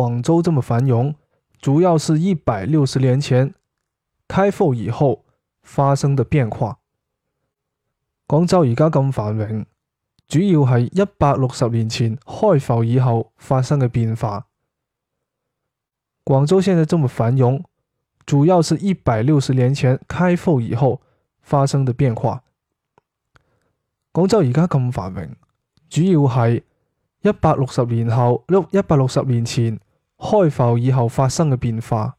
廣州這麼繁榮，主要是一百六十年前開埠以後發生的變化。廣州而家咁繁榮，主要係一百六十年前開埠以後發生嘅變化。廣州現在這麼繁榮，主要是一百六十年前開埠以後發生的變化。廣州而家咁繁榮，主要係一百六十年後碌一百六十年前。開埠以後發生嘅變化。